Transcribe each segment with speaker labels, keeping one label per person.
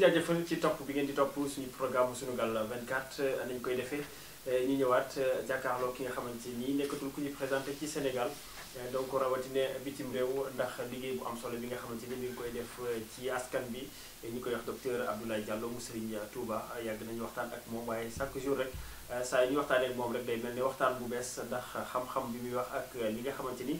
Speaker 1: jaajëfal ci topp bi ngeen di topp suñu programme Sunugal 24 euh, nañ koy defee euh, ñu ñëwaat euh, jàkkaarloo ki nga xamante ni nekkatul ku ñu présenté ci Sénégal donc rawatina bitim réew ndax liggéey bu am solo bi nga xamante ni mi ngi koy def ci askan bi ñu koy wax docteur Abdoulaye Diallo mu Serigne Touba yàgg nañu waxtaan ak moom waaye chaque jour rek saa yu ñu waxtaanee ak moom rek day mel ni waxtaan bu bees ndax xam-xam bi muy wax ak li nga xamante ni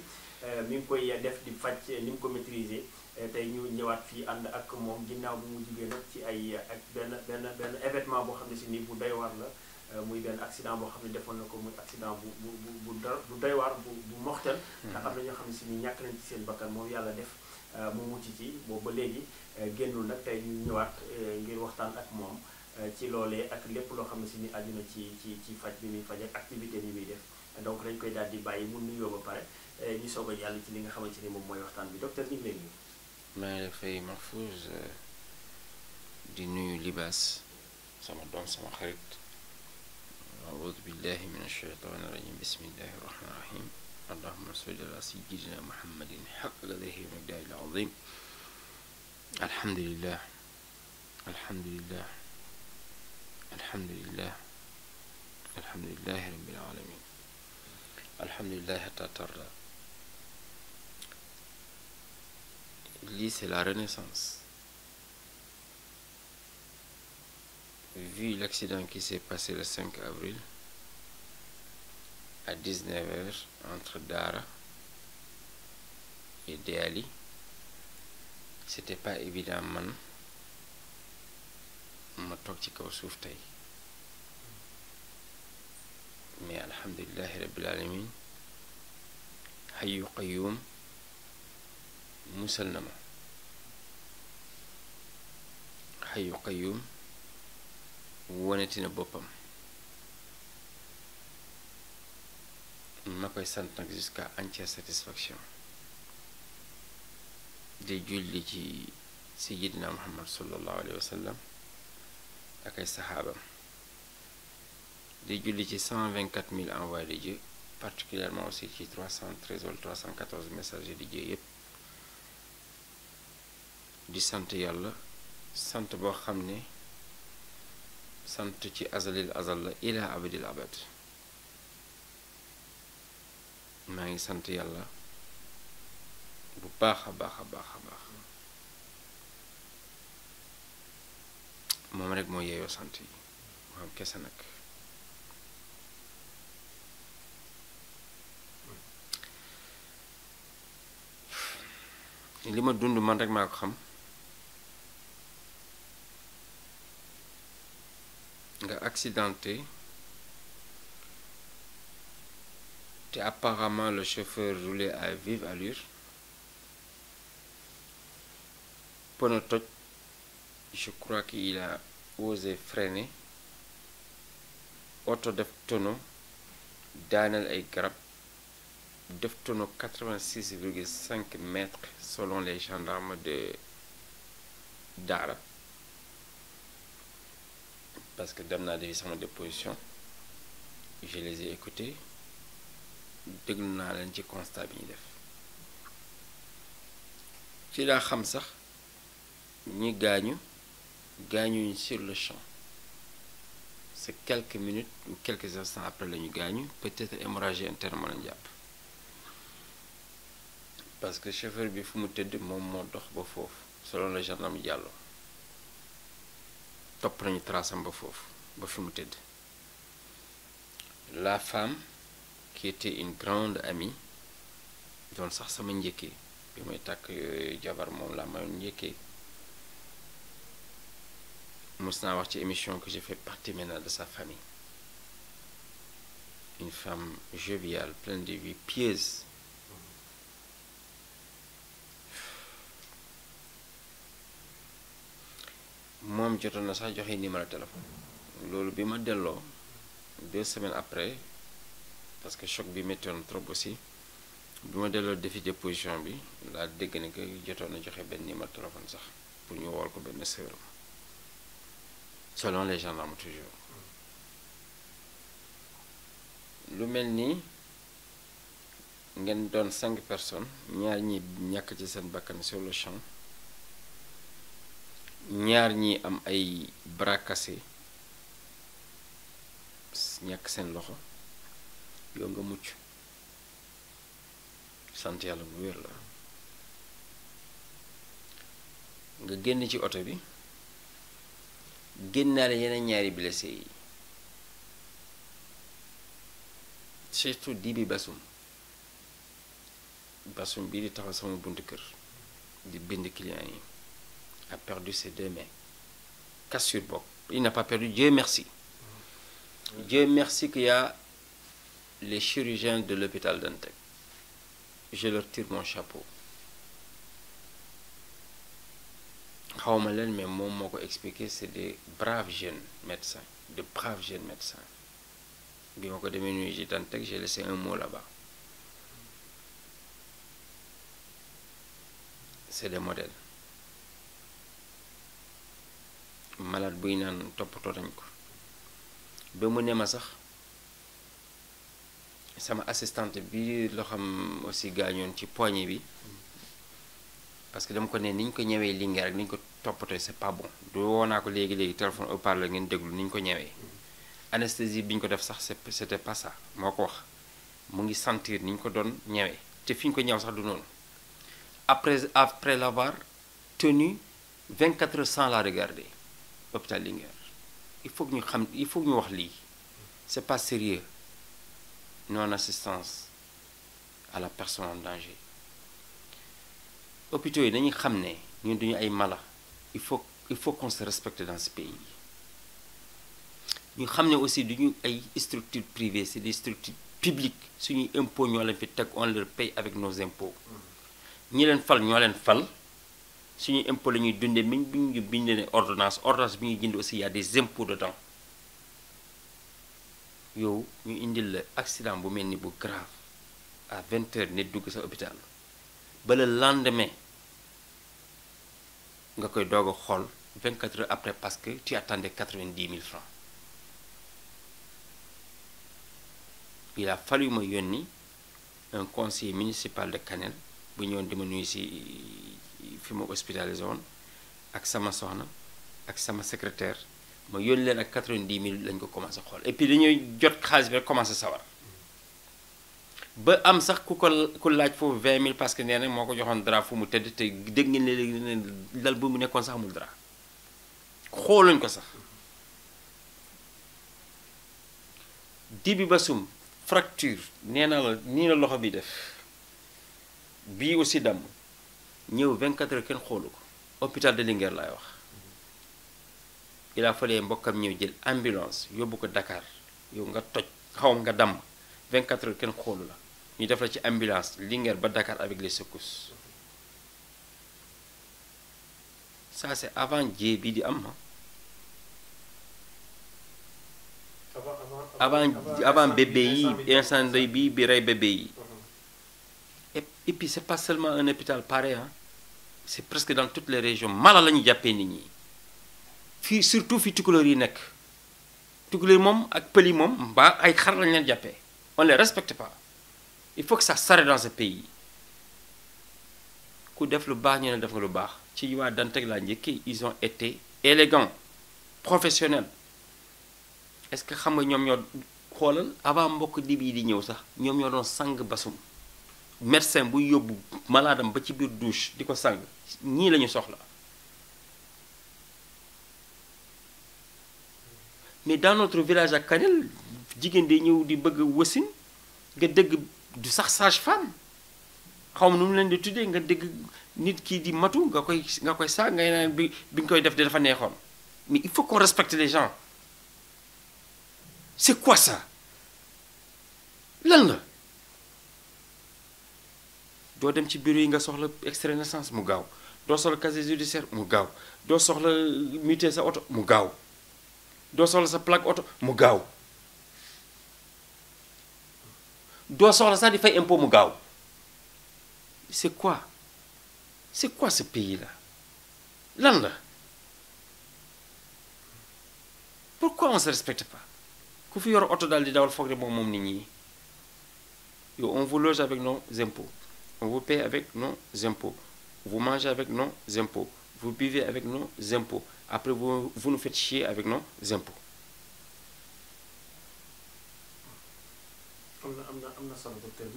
Speaker 1: mi ngi koy def di faj ni mu ko maîtriser. Eh, tey ñu ñëwaat fii ànd ak moom ginnaaw bi mu jugee ci ay ak benn benn benn événement boo xam ne si nii bu doy la eh, muy benn accident boo xam ne defoon na ko muy accident bu bu bu bu doy waar bu bu moxtal mm-hmm. ndax am xam ne si nii ñàkk nañ ci seen bakkan moom yàlla def eh, mu mucc ci boobu ba léegi génnul nag tey ñu ñëwaat ngir waxtaan ak moom ci loolee ak lépp loo xam ne si ni aju na ci ci ci faj bi muy faj ak activité bi muy def donc dañ koy daal di bàyyi mun nuyoo ba pare ñu soog a jàll ci li nga xamante ni moom mooy waxtaan bi docteur ñu ngi
Speaker 2: maa ngi fay Mahfouz di nuyu libaas sama doom sama xarit audu billahi min asheytaan irajim bismillahi irrahman irahim allahuma salli ala sayidina muhammadin xaq ladayhi miqdaari alazim alhamdulilah alhamdulilah alhamdulilah alhamdulilahi rabbil alamin alhamdulilah hatta tarda lii c'est la renaissance vu l'accident qui s'est passé le 5 avril à 19 entre Dara et Déali c'était pas évident man ma toog ci kaw suuf tey mais alhamdulillahi rabbil alamin hayyu qayyum musal na ma xayu qayyum woneti na boppam ma koy sant nag jusqu'à entière satisfaction di julli ci sayyidina muhammad sallallahu alayhi wa sallam ak ay saxaabam di julli ci 124 000 envoyés de Dieu particulièrement aussi ci 313 wala 314 message de Dieu yépp di sant yàlla sant boo xam ne sant ci azalil asal la ila abadil abad maa ngi sant yàlla bu baax a baax a baax a baax moom rek moo yeeyoo sant yi moo am kese nag li ma dund man rek maa ko xam accidenté te apparemment le chauffeur roulait à vive allure pono je crois qu'il a osé freiner oto def tonneau daaneel ay garab def tonneau 86,5 mètres selon les gendarmes de Daara parce que dem naa defi sama déposition je les ai déglu naa leen ci constat bi ñu def ci laa xam sax ñi gaañu gaañu sur le champ c'est quelques minutes ou quelques instants après la ñu gaañu peut-être hémorragie interne lañu parce que chauffeur bi fu mu tëdd moom moo dox ba foofu selon le gendarme Diallo topp nañu trasam ba foofu ba fi mu tëdd la femme qui était une grande amie doon sax sama njëkkee bi may tàkk jabar moom la mayoon njëkkee mos naa wax ci émission que j'ai fait partie maintenant de sa famille une femme joviale pleine de vie pieuse moom jotoon na sax joxe numéro téléphone loolu bi ma delloo deux semaine après parce que choc bi métti woon trop aussi bi ma delloo défi de position bi laa dégg ne que jotoon na joxe benn numéro téléphone sax pour ñu wool ko benn sœuram selon les gendarmes toujours lu mel nii ngeen doon cinq personnes ñaar ñi ñàkk ci seen bakkan sur ñaar ñi am ay bras ñàkk seen loxo yow nga mucc sant yàlla bu wér la nga génn ci oto bi génnaale yeneen ñaari blessé yi surtout di bi basum basum bii di taxaw sama buntu kër di bind client yi a perdu ses deux mains cassure bokk il n'a pas perdu Dieu merci mmh. merci qu'il y a les chirurgiens de l'hôpital Dantec je leur tire mon chapeau xawma leen mais moom moo ko expliqué c'est des braves jeunes médecins de braves jeunes médecins bi ma ko demee nuyu ji Dantec j'ai laissé un mot là-bas c'est des modèles malade buy naan toppatoo nañ ko ba mu ne ma sax sama assistante bi xam aussi gaañoon ci poignet bi parce que dama ko ne ni ñu ko ñëwee Linguère ak ni ñu ko toppatoo c'est pas bon du woo naa ko léegi léegi téléphone haut-parleur ngeen déglu ni ko ñëwee anesthésie bi ñu ko def sax c'était pas ça moo ko wax mu ngi sentir ni ñu ko doon ñëwee te fiñ ko ñëw sax du noonu après après l'avoir tenu 24 heures sans la regarder hôpital Linguère il faut que ñu xam il faut que ñu wax lii c'est pas sérieux non assistance à la personne en danger hôpitaux yi dañuy xam ne ñun duñu ay mala il faut il faut qu'on se respecte dans ce pays ñu xam ne aussi du ñu ay structures privées c'est des structures publiques suñuy impôts ñoo leen fi teg on leur paye avec nos impôts ñi leen fal ñoo leen fal suñuy impôt la ñuy dundee même bi ñu bindee ne ordonnance ordonnance bi ñuy jënd aussi y a des impôts dedans yow ñu indil la accident bu mel ni bu grave à vingt heures dugg sa hôpital ba le lendemain nga koy doog a xool vingt quatre heures après parce que tu attendais quatre vingt dix mille francs il a fallu ma ni un conseiller municipal de Kanel bu ñëwoon dima nuyu si fi ma hospitalisé woon ak sama soxna ak sama secrétaire ma yónni leen ak 90 mille lañ ko commencé xool et puis dañuy jot xaalis bi rek commencé sawar ba am sax ku ko ku laaj foofu 20 mille parce que nee na moo ko joxoon drap fu mu tëdd te dégg ngeen ne léegi ne dal bu mu nekkoon sax amul drap xooluñ ko sax dibi basum fracture nee na nii la loxo bi def bi aussi damm ñëw 24 heures kenn xoolu ko hôpital de Linguère laay wax il a fallu mbokkam ñëw jël ambulance yóbbu ko dakaar yow nga toj xawam nga damm 24 heures kenn xoolu la ñu def la ci ambulance Linguère ba dakaar avec les secousses ça c'est avant jee bi di am ah.
Speaker 1: avant avant bébé yi
Speaker 2: incendie bi bi rey bébé yi et puis c'est pas seulement un hôpital pareil hein c'est presque dans toutes les régions mala lañu jàppee nit ñi fii surtout fi tukulóor yi nekk tukulóor moom ak pël yi moom mbaa ay xar lañ leen jàppee on les respecte pas il faut que ça s'arrête dans ce pays ku def lu baax ñu ne def nga lu baax ci waa Dantec laa njëkkee ils ont été élégants professionnels est-ce que xam nga ñoom ñoo xoolal avant mbokk dib yi di ñëw sax ñoom ñoo doon sang basum médecin buy yóbbu malaadam ba ci biir douche di ko sang ñii lañu soxla mais dans notre village ak Kanel jigéen day ñëw di bëgg wasin nga dégg du sax sage-femme xaw ma nu mu leen di tuddee nga dégg nit kii di matu nga koy nga koy saa ngay naan bi bi nga koy def de dafa neexoon mais il faut qu'on respecte les gens c'est quoi ça lan la. doo dem ci bureau yi nga soxla extrait naissance mu gaaw doo soxla casier judiciaire mu gaaw doo soxla muté sa oto mu gaaw doo soxla sa plaque oto mu gaaw doo soxla sax di fay impôt mu gaaw c'est quoi c'est quoi ce pays là lan la pourquoi on se respecte pas ku fi yor oto daal di dawal foog ne moom moom nit ñi yow on vous loge avec nos impôts on vous paye avec nos impôts. Vous mangez avec nos impôts. Vous buvez avec nos impôts. Après, vous, vous nous faites chier avec nos impôts.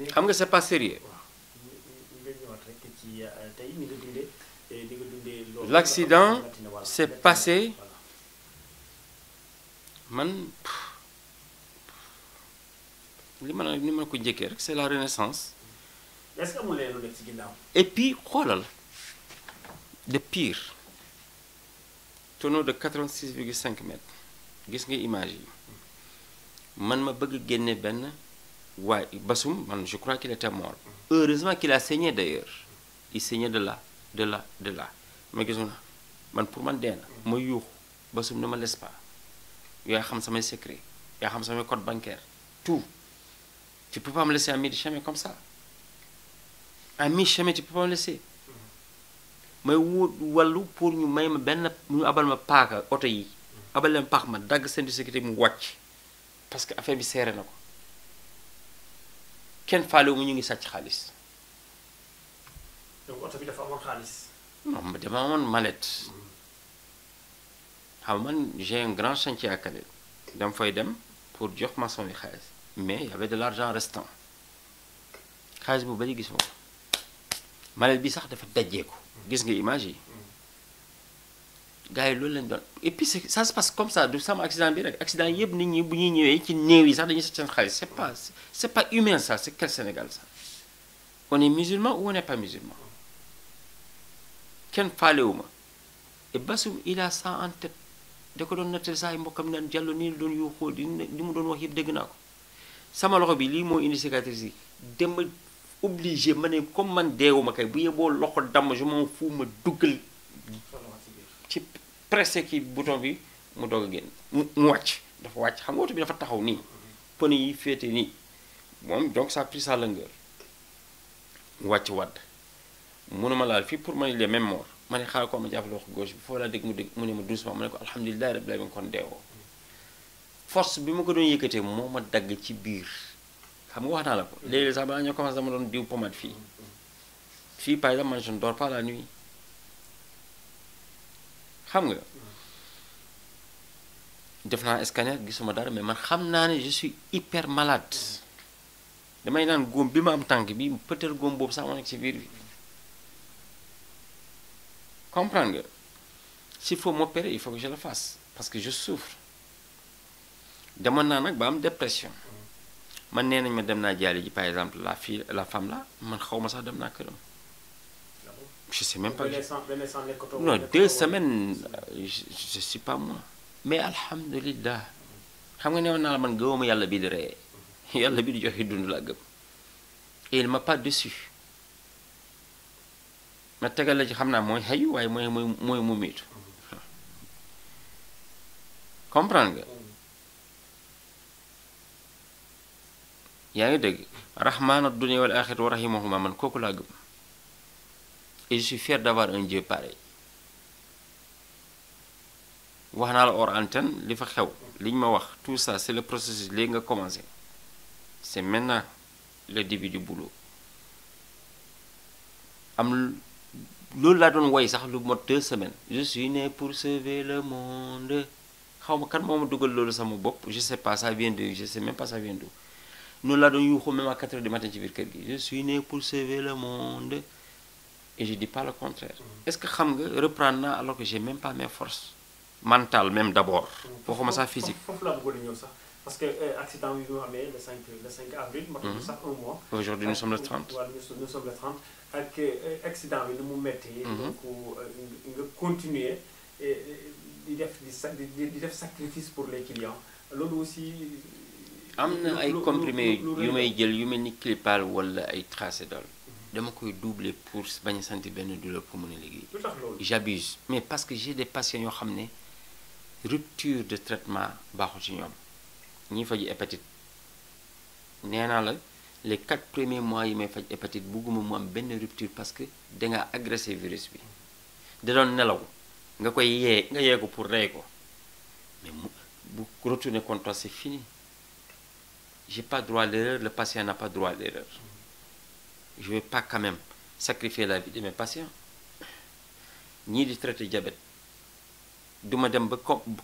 Speaker 1: xam nga c'est pas sérieux. Euh, eh, L'accident s'est
Speaker 2: passé man li ma ni ma ko njëkkee rek c'est la renaissance.
Speaker 1: est-ce que amul leen lu def ci ginnaaw.
Speaker 2: et puis xoolal le de 86 virgule 5 gis nga image yi man ma bëgg génne benn waaye Bassoum man je crois qu'il était mort heureusement qu'il a saigné d'ailleurs il saignait de la de la de la ma na man pour man dee na ma yuuxu Bassoum ne ma laisse yaa xam samay secret yaa xam samay code bancaire tou tu peux pas me laisser à comme ça à mi-chemin tu laisser may wut pour ñu may ma benn ñu abal ma paaka oto yi abal leen paax ma dagg seen sécurité mu wàcc parce que affaire bi seere na ko kenn faalewu mu ñu ngi sàcc xaalis.
Speaker 1: donc oto bi dafa amoon xaalis.
Speaker 2: non xam man j'ai un grand chantier à Calais dama fay dem pour jox maçon yi xaalis mais y avait de l'argent restant xaalis bu bari gis nga malal bi sax dafa dajjeeku gis nga image yi gars yi loolu lañ doon et puis ça se comme ça du sama accident bi rek accident yëpp nit ñi bu ñuy ñëwee ci néew yi sax dañuy seen xaalis c'est pas c'est pas humain ça c'est quel Sénégal ça on est musulman ou on n'est pas musulman kenn faalewu ma et Bassoum il a ça de tête da ko doon nattal saa yi mbokkam naan jàllo nii la doon yuuxoo di li mu doon wax yëpp dégg naa ko sama loxo bi lii moo indi yi obligé ma ne comme man deewuma kay bu yeboo loxo damm je m'en ma duggal ci pressé ki bouton bi mu doog a génn mu wàcc dafa wàcc xam nga oto bi dafa taxaw nii pneu yi féete nii moom donc ça a pris sa mu wàcc wadd mënuma laal fii pour ma ne les mêmes ma ne xaaral ko ma jàpp loxo gauche bi foo laa dégg mu dégg mu ne ma doucement ma ne ko alhamdulilah rabbil alamin kon deewoo force bi ma ko doon yëkkatee moo ma dagg ci biir xam nga wax naa ko léeg-léeg sax balaa ñoo commencé dama doon diw xam nga def naa scanner gisuma dara mais man xam naa ne je suis hyper malade damay naan góom bi ma am tànk bi peut-être góom boobu sax ma nekk ci biir bi comprendre nga s'il faut m'opérer il faut que je le fasse parce que je souffre demoon naa nag ba am dépression man nee nañ ma dem naa jaale ji par exemple la fille la femme la man xaw ma sax dem naa këram. je sais même pas non deux semaines je sais pas moi mais alhamdulilah xam nga ne woon naa la man gëwuma yàlla bi di reyee yàlla bi di joxe dund laa gëm et il m'a pas déçu ma tegal la ci xam naa mooy xëyu waaye mooy mooy mooy mu mm-hmm. nga yaa ngi dégg rahmaana dunya wal axirati wa rahimahuma man kooku laa gëm et je suis fier d'avoir un Dieu pareil wax naa la or antenne li fa xew liñ ma wax tout ça c'est le processus léegi nga commencé c'est maintenant le début du boulot am loolu laa doon woy sax lu mot semaine semaines je suis pour sauver le monde xaw ma kan moo ma dugal loolu sama bopp je sais pas ça vient d'où je sais même pas ça vient d'où noonu laa doon yuuxu même à 4 heures du matin ci biir je suis né pour sauver le monde et je dis pas le contraire est-ce que xam nga reprendre naa alors que j'ai même pas mes forces mentales même d'abord waxuma sax physique
Speaker 1: foofu laa bëggoon sax parce que eh, accident bi ñu amee le 5 le 5 avril matul mhm. sax un mois aujourd'hui nous sommes le 30 waaw eh, mu méttee mhm. donc euh, nga continuer eh, di def di def sacrifice pour les clients am na ay comprimés yu may
Speaker 2: jël yu mel ni Clipal wala ay Tramadol dama koy double pour bañ a sentir benn douleur pour mën a liggéey. j'abuse mais parce que j'ai des patients yoo xam ne rupture de traitement baaxul ci ñoom ñiy faju hépatite nee naa la les quatre premiers mois yi may faj hépatite bugguma mu am benn rupture parce que dangaa agressé virus bi da doon nelaw nga koy yee nga yee ko pour rey ko mais mu bu retourner contre c'est fini. j'ai pas droit à l'erreur, le patient n'a pas droit à l'erreur. Je ne pas quand même sacrifier la vie de mes ñii di traité diabète du ma dem ba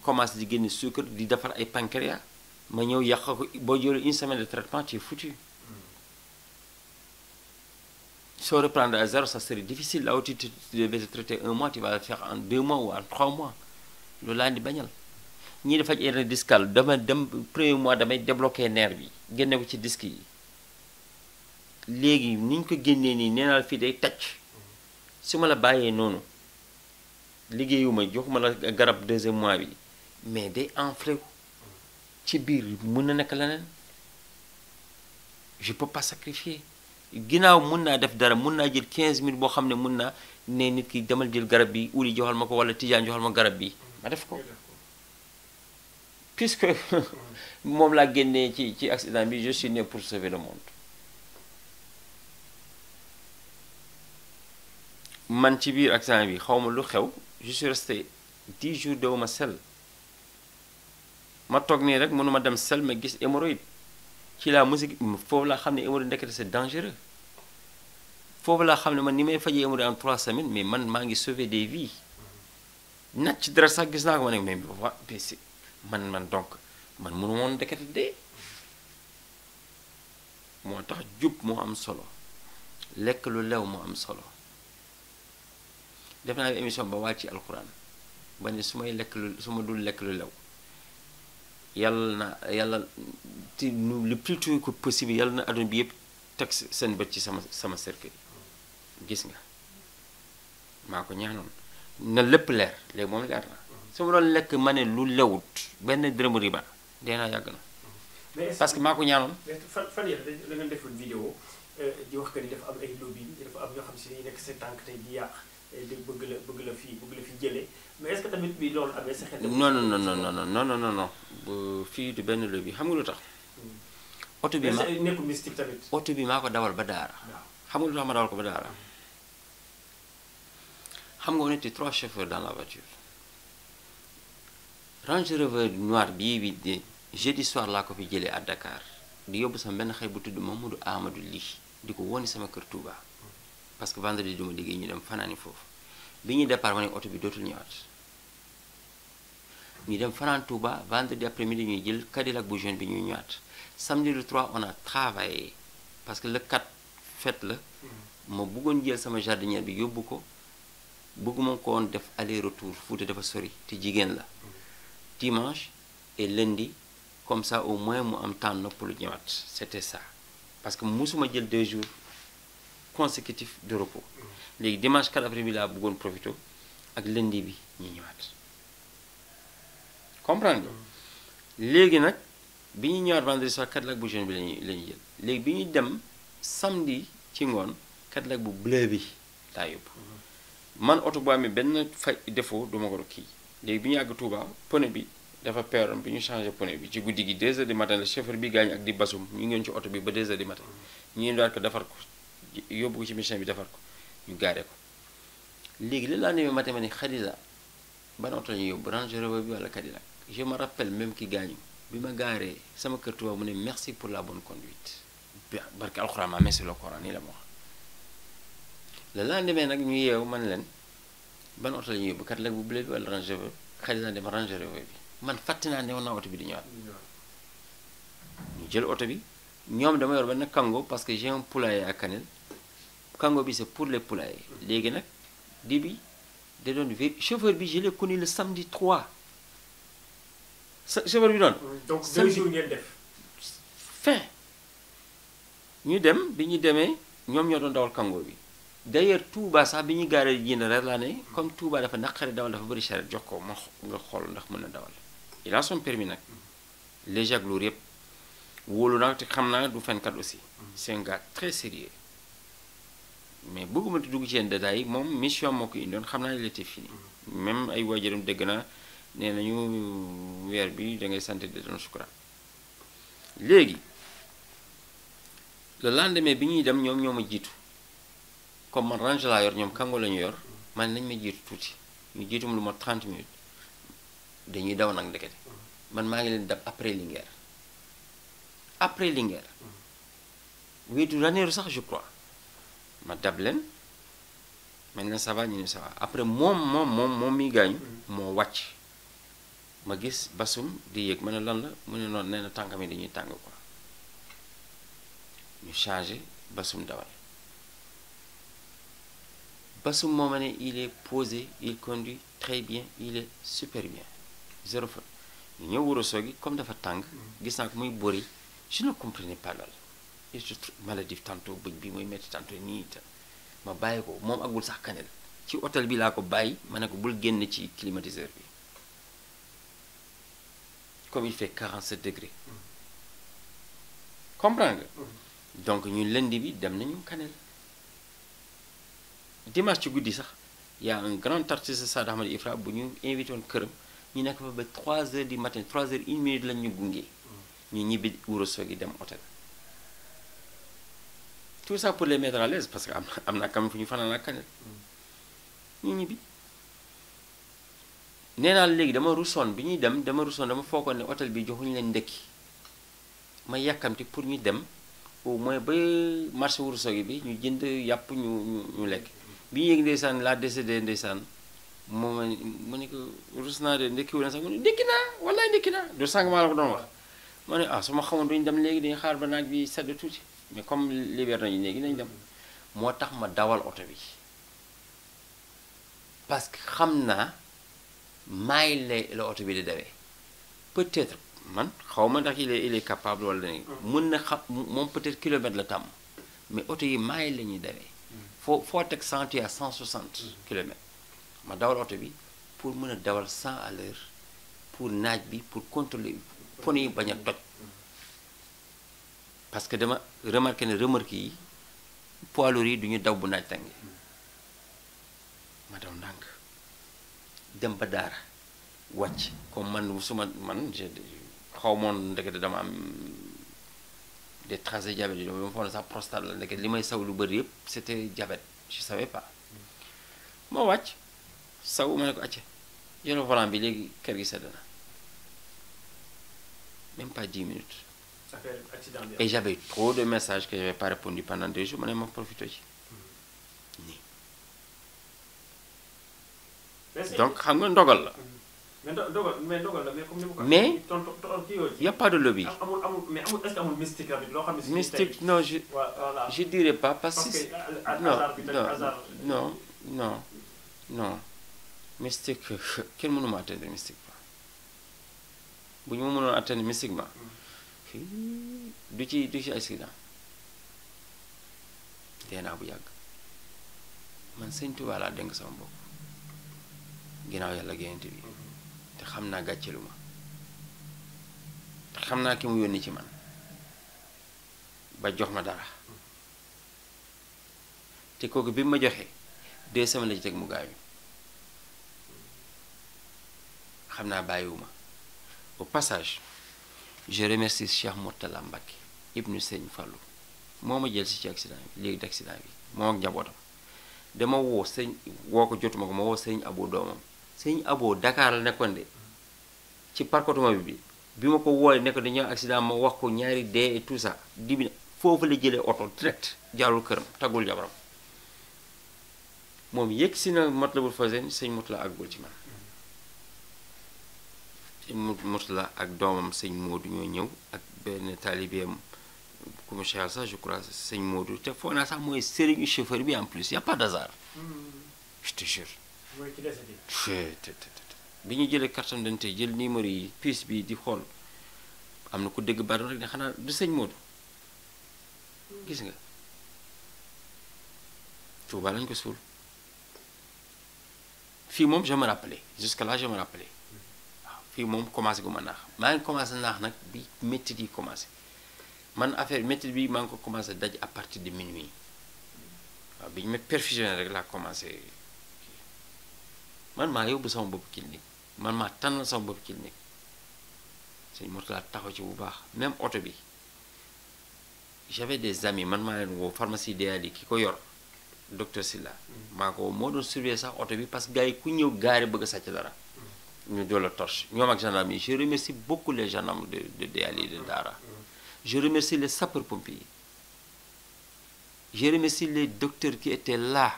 Speaker 2: commencé di génne sucre di defar ay pancréas ma ñëw yàq ko boo jëlee une semaine de traitement ci foutu soo reprendre à zéro ça serait difficile là où traiter un mois tu vas le en deux mois ou en trois mois loolu laa di bañal ñii di faj hernie discale dama dem premier mois damay débloqué nerf bi génne ko ci disque yi léegi ni ñu ko génnee nii nee naa fii day tacc su ma la bàyyee noonu liggéeyuma joxuma la garab deuxième mois bi mais day enflé ci biir mun na nekk leneen je peux pas sacrifier ginnaaw mun naa def dara mun naa jël 15 mille boo xam ne mun naa ne nit ki demal jël garab bi uli joxal ma ko wala tijaan joxal ma garab bi ma def ko puisque moom laa génnee ci ci accident bi je suis né pour sauver le monde man ci biir accident bi xaw ma lu xew je suis resté dix jours dewuma sel ma toog nii rek mënuma dem sel ma gis hémorroïde ci la musique foofu laa xam ne hémorroïde ndekete c'est dangereux foofu laa xam ne man ni may fajee hémorroïde en trois semaines mais man maa ngi sauver des vies nag ci dara sax gis naa ko ma ne mais man man donc man mënu woon ndekete dee moo tax jub moo am solo lekk lu lew moo am solo def naa bi émission ba wàcc alxuraan ba ne su may lekk lu su ma dul lekk lu lew yàlla na yàlla te nu le plus tôt possible yàlla na adduna bi yëpp teg seen bët ci sama sama cercueil gis nga maa ko ñaanoon na lépp leer léegi moom leer na su ma doon lekk ma ne lu lewut benn dërëm riba dee naa yàgg na.
Speaker 1: parce que maa ko ñaanoon. fan fan yëpp da ngeen defoon vidéo euh, di wax que ni dafa am ay lobby dafa am ñoo xam si ne nekk sa tànk tey di yàq di bëgg la bëgg la fii bëgg la fi jëlee mais est-ce que tamit bi loolu amee sa xel. non non non non
Speaker 2: non non non non fii du benn lobby xam nga lu tax.
Speaker 1: Hmm. oto bi ma nekkul mystique tamit.
Speaker 2: oto bi maa ko dawal ba daara. xam nga lu tax ma dawal ko ba daara. xam nga on était trois chauffeurs dans la voiture. Range Rover noir bii bi de jeudi soir laa ko fi jëlee à Dakar di yóbbu sama benn xëy bu tudd Mamadou Amadou lii di ko woni sama kër Touba parce que vendredi duma liggéey ñu dem fanaani foofu bi ñuy départ ma ne oto bi dootul ñëwaat ñu dem fanaan Touba vendredi après midi ñuy jël Cadillac bu jeune bi ñuy ñëwaat samedi le 3 on a travaillé parce que le 4 fête la ma bëggoon jël sama jardinière bi yóbbu ko bëgguma ko woon def aller retour Fuuta dafa sori te jigéen la. dimanche et lundi comme ça au moins mu am temps noppalu ñëwaat c'était ça parce que musuma jël deux jours consécutifs de repos léegi dimanche quatre après-midi laa bëggoon profité ak lundi bi ñu ñëwaat comprendre nga léegi nag bi ñu ñëwaat vendredi soir Cadillac bu jaune bi la ñuy la jël léegi bi ñu dem samedi ci ngoon Cadillac bu bleu bi laa yóbbu man oto boo amee benn fay défaut duma ko kii léegi bi ñu àgg Touba pone bi dafa peeroon bi ñu changé pone bi ci guddi gi des heures du matin la chauffeur bi gaañ ak di basum ñu ngeen ci oto bi ba 2 heures du matin ñu indiwaat ko defar ko yóbbu ko ci mécanicien bi defar ko ñu gaare ko léegi la laa demee ma ma ne Khadija ban oto la ñuy yóbbu Range Rover bi wala Cadillac je me rappelle même ki gaañu bi ma gaaree sama kër Touba mu ne merci pour la bon conduite barke alxuraan ma merci le Coran la ma wax le ban oto la ñuy yóbbu kat la bu bleu bi wala ranger bi xëy na dem ranger bi man fàtte naa ne woon naa bi di ñëwaat ñu jël oto bi ñoom dama yor benn kango parce que j'ai un poulailler à Kanel kango bi se pour les poulaillers léegi nag di bi da doon v chauffeur bi je l'ai
Speaker 1: connu le samedi 3
Speaker 2: sa chauffeur bi doon.
Speaker 1: donc deux jours ngeen def. fin
Speaker 2: ñu dem bi ñu demee ñoom ñoo doon dawal kango bi. d'ailleurs Touba sax bi ñuy gaaree jënd rek laa ne comme Touba dafa naqari dawal dafa bëri charette jox ko ma nga xool ndax mën na dawal il a son permis nag léger ak yëpp wóolu naa te xam naa du fenkat aussi c'est un gars très sérieux mais bëgguma dugg ci yenn détails moom mission moo ko indoon xam naa il était fini même ay waajuram dégg naa nee nañu weer bi da ngay sant de doon sukura léegi le lendemain bi ñuy dem ñoom ñoo ma jiitu. comme man range laa yor ñoom kango la ñu yor man nañ ma jiitu tuuti ñu jiitum lu ma 30 minutes dañuy daw nag ndekete man maa ngi leen dab après Linguère après Linguère weetu Ranérou sax je crois ma dab leen man na ça va ñu ne ça va après moom moom moom moom gaañu moo wàcc ma gis basum di yéeg ma ne lan la mu ne noonu nee na tànkam yi dañuy tàng quoi ñu changé basum dawal Bassum Momane, il est posé, il conduit très bien, il est super bien. Zéro faute. Nous avons comme dafa tàng gis nak muy bori. Je ne comprenais pas lol. Et bëj bi moy metti tantôt ni ma bàyyi ko moom agul sax kanel ci hôtel bi laa ko bàyyi ma ne ko bul génn ci climatiseur bi comme il fait 47 degrés mm. comprendre mm. donc ñu lënd bi dem nañu kanel dimanche ci guddi sax y' a un grand artiste Saad Ahmed Ifra bu ñu invité woon këram ñu nekk fa ba trois heures du matin 3 heures 1 minute lañ ñu gunge ñu ñibbi Ouro Sogui dem hôtel. tout ça pour les mettre à l'aise parce que am na am na quand même fu ñu fanaan ak kanet ñu ñibbi nee naa léegi dama rusoon bi ñuy dem dama rusoon dama foogoon ne hôtel bi joxuñu leen ndekki ma yàkkamti pour ñu dem au moins ba marché Ouro Sogui bi ñu jënd yàpp ñu ñu ñu lekk. bi ñu yéeg ndeysaan laa décédé ndeysaan moom ma ne rus naa de ndekki wu sax mu ne ndekki
Speaker 1: naa wallaay ndekki naa
Speaker 2: du sànq maa la ko doon wax ma ne ah su ma xamoon duñ dem léegi dañu xaar ba naaj sedd tuuti mais comme libère nañu léegi nañ dem moo tax ma dawal auto bi parce que xam naa maay lay la auto bi di dawee peut-être man xaw ma ndax il est il est capable wala dañuy. mën mm. na xam moom peut-être kilomètre la tàmm mais oto yi maay la ñuy dawee. foo foo teg cent à cent soixante kilomètres ma dawal oto bi pour mën a dawal cent à pour naaj bi pour contrôler pone yi bañ a toj parce que dama remarqué ne remorque yi poids yi du daw bu naaj tànge ma daw ndànk dem ba daara wàcc comme man suma ma man xaw moon ndekete dama am des traces de diabète yi dama foog ne sax prostate la nekk li may saw lu bëri yëpp c'était diabète je savais pas moo wàcc saw ma ne ko acce yore volant bi léegi kër gi sedd na même pas 10 minutes.
Speaker 1: et j'avais trop de
Speaker 2: messages que j'avais pas répondu pendant deux jours ma ne ma profité ci hmm.
Speaker 1: donc xam nga ndogal la hmm. mais dogal mais dogal la mais comme ni ma ko. mais tontu kii yooyu. y' a pas de lobby. amul amul mais amul est-ce que amul mystique tamit loo xam ne. mystique non je. voilà je dirais pas parce que. Euh, non
Speaker 2: non non non mystique kenn mënu ma atteindre mystiquement bu ñu ma mënoon atteindre mystiquement hmm. du ci du ci accident dee naa bu yàgg man sëñ Tuubaa laa dénk sama bopp ginnaaw yàlla génnante bi. Hmm. te xam naa gàcce lu ma te xam naa ki mu yónni ci man ba jox ma dara te kooku bi ma joxee deux semaines la ci mu gaañu xam naa bàyyiwuma au passage je remercie Cheikh Mourtala Mbacké ibnu Sëñ Fallou moo ma jël si ci accident bi léegi d'accident bi moom ak njabootam dama woo sëñ woo ko jotuma ko ma woo sëñ Abou doomam sëñ Abo dakaar la nekkoon de ci parcotement bi bi ma ko woolee nekk ko dañoo accident ma wax ko ñaari dee et tout ça dibi foofu la jëlee oto direct jaarul këram taggul jabaram moom yëg si na Matlabul Fawzayni sëñ Mourtalla la ci man sëñ ak doomam sëñ moodu ñoo ñëw ak benn taalibeem commercial sax je crois sëñ Modou te foo naa sax mooy sëriñu chauffeur bi en plus y a mooy ki desati. bi ñu jëlee carte d'identité jël numéro yi piis bi di xool am na ku dégg baatu rek ne xanaa du sëñ Modou gis nga Touba lañ ko suul fii moom je me rappelais jusque là je me fii moom commencé gu ma naax maa ngi commencé naax nag bi métti yi commencé man affaire métti bi maa ngi ko commencé daj à partir de minuit waaw bi ñu ma perfusionné rek laa commencé. man maa yóbbu sama bopp clinique man maa tànnal sama bopp clinique sëñ Mourtala taxaw ci bu baax même oto bi j'avais des amis man maa leen woo pharmacie Déali ki ko yor docteur Silla maa ko moo doon surveiller sax oto bi parce que gars ku ñëw gaari bëgg a sàcc dara ñu dool la torche ñoom ak gendarme yi je remercie beaucoup les gendarmes de de Déali de Daara je remercie les sapeurs pompiers yi je remercie les docteurs qui étaient là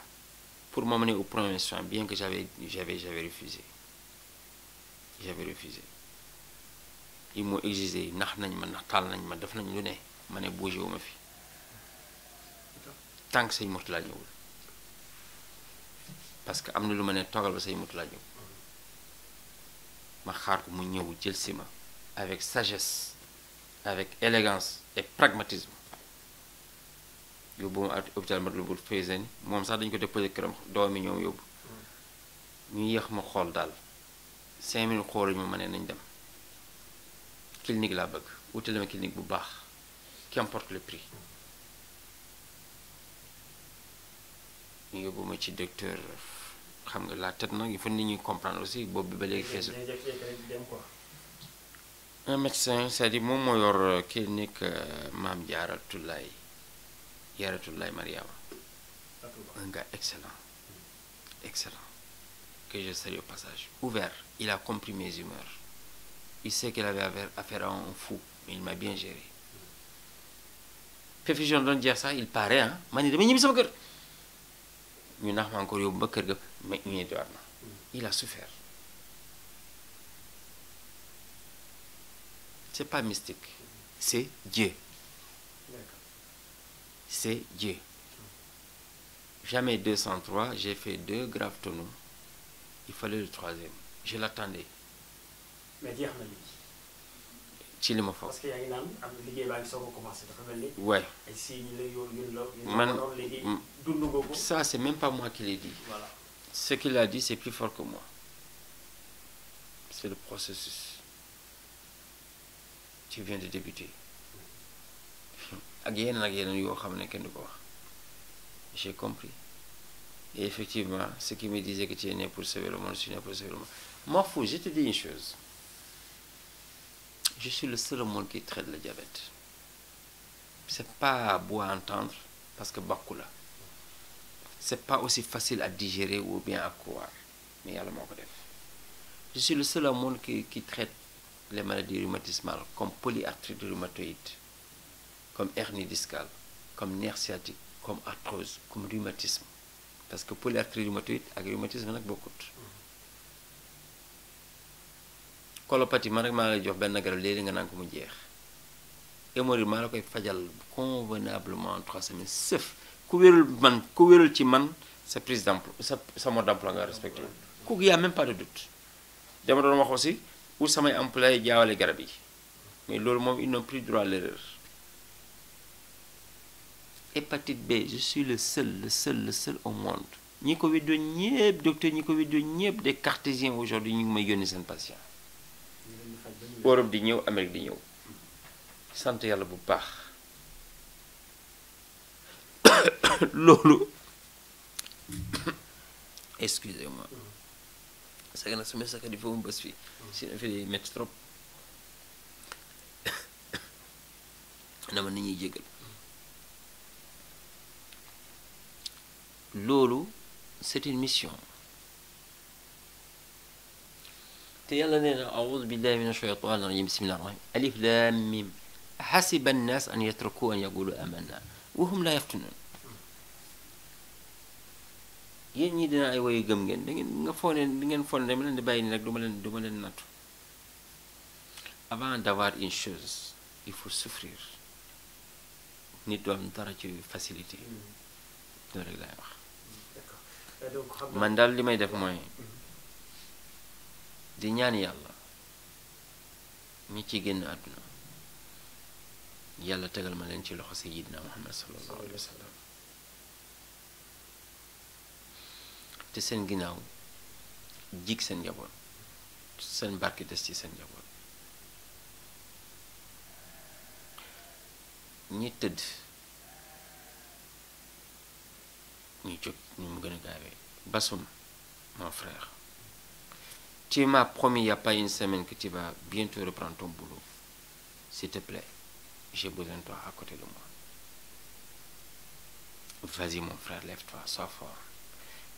Speaker 2: pour m'amener au premier soin, bien que j'avais refusé. J'avais refusé. Ils m'ont exigé, tant que say mut laa ñëwul parce que am na lu ma ne toogal ba say mut laa ñëw ma xaar ko mu ñëw jël si ma avec sagesse avec élégance et pragmatisme yóbbu ma hôpital Matlaboul Fawzayni moom sax dañ ko déposé këram doom yi ñoom yóbbu ñu yeex ma xool daal cinq minutes xooluñu ma ma ne nañ dem clinique laa bëgg wutal ma clinique bu baax qu'importe le prix ñu yóbbu ma ci docteur xam nga la tête nag il faut nit ñuy aussi bopp bi ba léegi feesul un médecin cest moom moo yor euh, clinique euh, Maam Jaara Tulaay Yaratullah Mariama. Un gars excellent. Excellent. Que je salue au passage. Ouvert. Il a compris mes humeurs. Il sait qu'il avait affaire à un fou, mais il m'a bien géré. Fefi Jean doon jeex il paraît ah ma ni dama ñibbi sama kër ñu nax ma encore yóbbu ba kër ga ma ñu il a souffert c'est pas mystique c'est Dieu c'est Dieu. Jamais 203, j'ai fait deux graves tonneaux. Il fallait le troisième. Je l'attendais. mais ci li ma foog. parce que
Speaker 1: yaa ngi naan am liggéey baa ngi soog a
Speaker 2: ça c'est même pas moi qui l'ai dit. ce qu'il a dit c'est plus fort que moi. c'est le processus. tu viens de débuter. ak yeneen ak yeneen yoo xam ne kenn du ko wax j'ai compris et effectivement ce qui me disait que tu es pour sauver le monde je suis né pour sauver le monde Mahfouz je te dis une je suis le seul au monde qui traite le diabète c'est pas beau entendre parce que bàkku la c'est pas aussi facile à digérer ou bien à croire mais yàlla moo ko def je suis le seul au monde qui qui traite les maladies rhumatismales comme polyarthrite rhumatoïde comme hernie discale, comme nerf sciatique, comme arthrose, comme rhumatisme. Parce que polyarthrite rhumatoïde ak rhumatisme nag bokkut. colopathie man rek maa lay jox benn garab léegi nga naan ko mu jeex. hémorroïde maa la koy fajal convenablement en trois semaines sauf ku wérul man ku wérul ci man sa prise d'emploi sa sa mode d'emploi nga respecté
Speaker 1: kooku y a pas de
Speaker 2: doute. dama doon wax aussi pour samay employé jaawale garab yi mais loolu moom ils plus droit à hépatite B je suis le seul le seul le seul au monde ñi ko weddoon ñëpp ñi ko weddoon ñëpp des cartésiens aujourd'hui ñu ngi may yónni seen patient Europe di ñëw Amérique di ñëw sant yàlla bu baax loolu excusez-moi parce que nag sama saka di foofu bés fi si na fi métti trop na ma ni ñuy jégal loolu c'est une mission te yàlla nee na aoudu billahi min ashaytan rajim bismillahi rahim alif lam mim xasiba annas an yatraku an yaqulu amanna wahum la yaftunun yéen ñi dina ay woyu gëm ngeen da ngeen nga foone di ngeen foone dama leen di bàyyi nii rek ma leen duma leen nattu avant d'avoir une chose il faut souffrir nit doom dara ci facilité mm.
Speaker 1: man daal li may def mooy
Speaker 2: di ñaan yàlla ñi ci génn àdduna yàlla tegal ma leen ci loxo sayyidina muhammad sallallahu alayhi wa te seen ginnaaw jig seen njaboot seen barke des ci seen njaboot ñi tëdd ñu jóg ñu mu gën a gaawee Bassoum mon frère tu m'as promis a pas une semaine que tu vas bientôt reprendre ton te plaît j'ai besoin toi à côté de moi vas-y mon frère lève-toi sois fort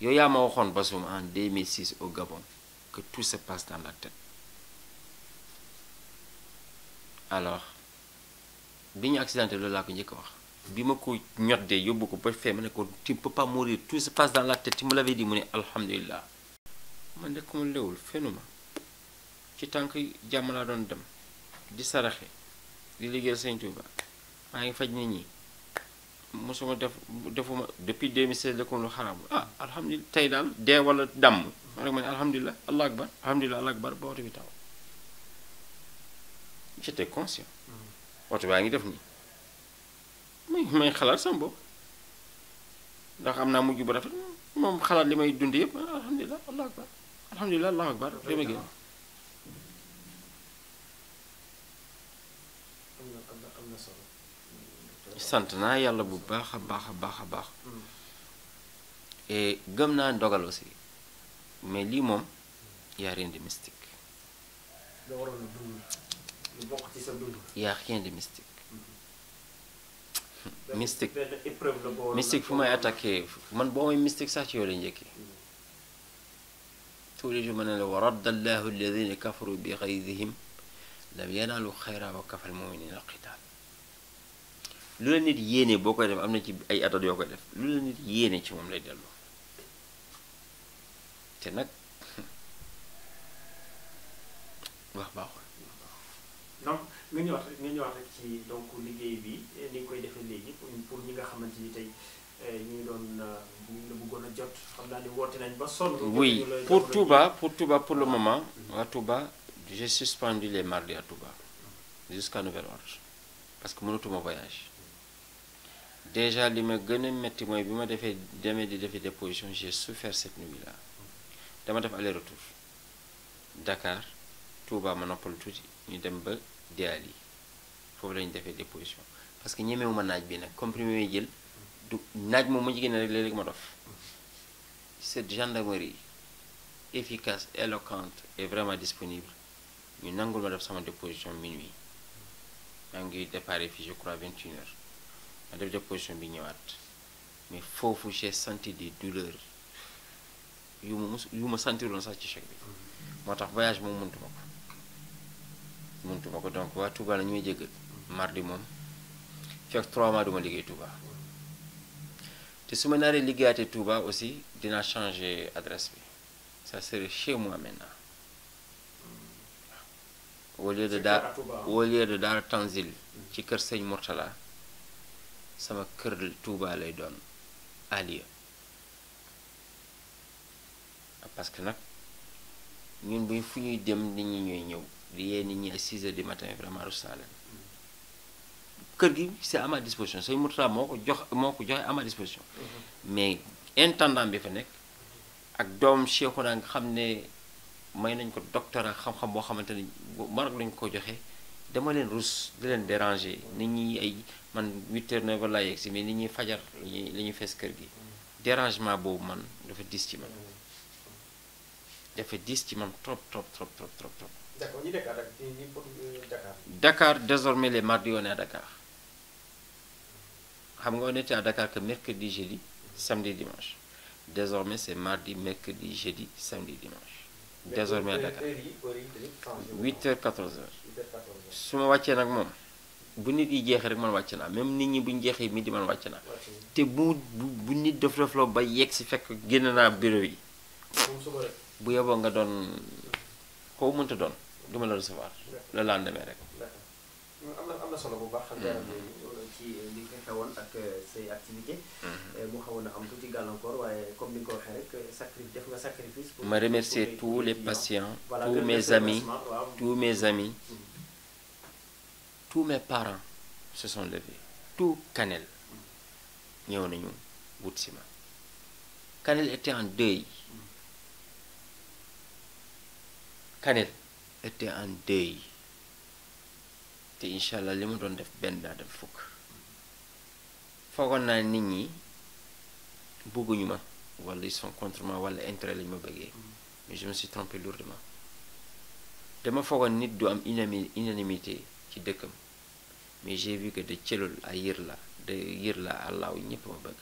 Speaker 2: yow yaa ma waxoon Bassoum en 2006 au Gabon que tout se passe dans la tête alors bi ñu accidenté loolu laa ko njëkk wax bi ma ko ñoddee yóbbu ko ba fee ma ne ko tu ne peux tout se passe la tête tu me l'avais dit mu ne alhamdulilah man nekk ma lewul fenu ma ci tànk jàmm laa doon dem di saraxe di liggéeyal Sëñ Tuuba maa ngi faj ni ñi mosuma def defuma depuis 2016 la ko lu xaraam ah alhamdulilah tey daal dee wala dàmm ma ma ne alhamdulilah allah akbar alhamdulilah allah akbar ba oto bi taw j'étais conscient mm. oto baa ngi def nii muy may xalaat sama bopp ndax am naa mujj bu rafet moom xalaat li may dund yëpp
Speaker 1: alhamdulilah allahu akbar
Speaker 2: alhamdulilah allahu akbar li ma génn sant naa yàlla bu baax a baax a baax a baax hmm. e, gëm naa ndogal aussi mais lii moom y a rien de yaa rien de mystique mystique fu may attaqué man boo may mystique sax ci yow la njëkki tous les jours ma ne la bi xaydihim lam yanaalu xayra wa kafal muminina alqital lu la nit yéene boo koy def am na ci ay atat yoo ko def lu la nit yéene ci moom lay dellu te nag
Speaker 1: nga ñëwaat rek nga ñëwaat rek ci donc liggéey bi eh, ni nga koy defee léegi pour pour ñi nga xamante ni tey eh, ñu ngi doon euh, la bëggoon a jot xam naa ne woote nañ ba sonn. oui pour Touba
Speaker 2: pour Touba pour le ah. moment. à Touba j'ai suspendu les mardis à Touba. jusqu'à nouvel ordre parce que mënatuma voyage. déjà li ma gën a métti mooy bi ma defee demee di defee déposition j'ai souffert cette nuit la dama def aller retour Dakar Touba ma noppalu tuuti ñu dem ba. dial yi foofu lañu defee déposition parce que ñemewu ma naaj bi nag comprimé may jël du naaj moom ma jigéen ne rek léeg-léeg ma dof cette gendarmerie efficace éloquente et vraiment disponible ñu nangul ma def sama déposition minuit maa ngi déparé fii je crois 21 heures ma def déposition bi ñëwaat mais foofu j'ai senti des douleurs yu ma mus yu ma sentiroon sax ci choc bi moo tax voyage moom mëntu ko mëntu ma ko donc waa Touba la ñu may jéggal mardi moom fekk 3 mois duma liggéey Touba te su ma naaree liggéeyaatee Touba aussi dina changer adresse bi ça serait chez moi maintenant au lieu de de daar Tanzil ci kër sëñ Mourtala sama kër Touba lay doon Aliya parce que nag ñun buñ fu ñuy dem nit ñi ñooy ñëw di yee nit ñi ay 6 heures du matin vraiment rus naa leen kër gi c'est à ma disposition sëñ Mourtada moo ko jox moo ko joxe à ma disposition mais intendant bi fa nekk ak doom Cheikhouna nga xam ne may nañ ko doctorat xam-xam boo xamante ni man ak lañ ko joxe dama leen rus di leen déranger nit ñi ay man 8 heures 9 heures si mais nit ñi fajar li ñuy fees kër gi dérangement boobu man dafa dis ci man dafa dis ci man trop trop trop trop trop trop
Speaker 1: Euh, Dakar,
Speaker 2: désormais, les mardis, on est à Dakar. On était à Dakar que mercredi, jeudi, samedi, dimanche. Désormais, c'est mardi, mercredi, jeudi, samedi, dimanche. Désormais à Dakar. 8h, 14h. su ma wàccee nag moom bu nit yi jeexee rek man wàcc naa même nit ñi bu ñu jeexee midi man wàcce naa. te bu bu nit def def loo ba yegg si fekk génn naa bureau yi. bu yeboo nga doon koo mënta doon. du ma la recevoir le lendemain
Speaker 1: am na solo bu baax. Mm-hmm. Euh, ci li nga xewoon ak euh, say activité mm-hmm. euh, xawoon na am tuuti gàllankoor waaye comme ni nga ko waxee rek def nga sacrifice. ma remercier tous les patients. tous mes amis tous
Speaker 2: mes amis. tous mes parents se sont levés tout Kanel ñëw nañu wut si ma Kanel était en deuil mm-hmm. Kanel. était en deuil te incha allah li ma doon def benn daa def fukk foogoon naa nit ñi bëgguñu ma walla ils sont contre moi wala intérêt lañu ma bëggee mais je me lourdement dama foogoon nit du am unanimité ci dëkkam mais j'ai vu de de Thielul à Yirla de Yirla à Law ñëpp ma bëgg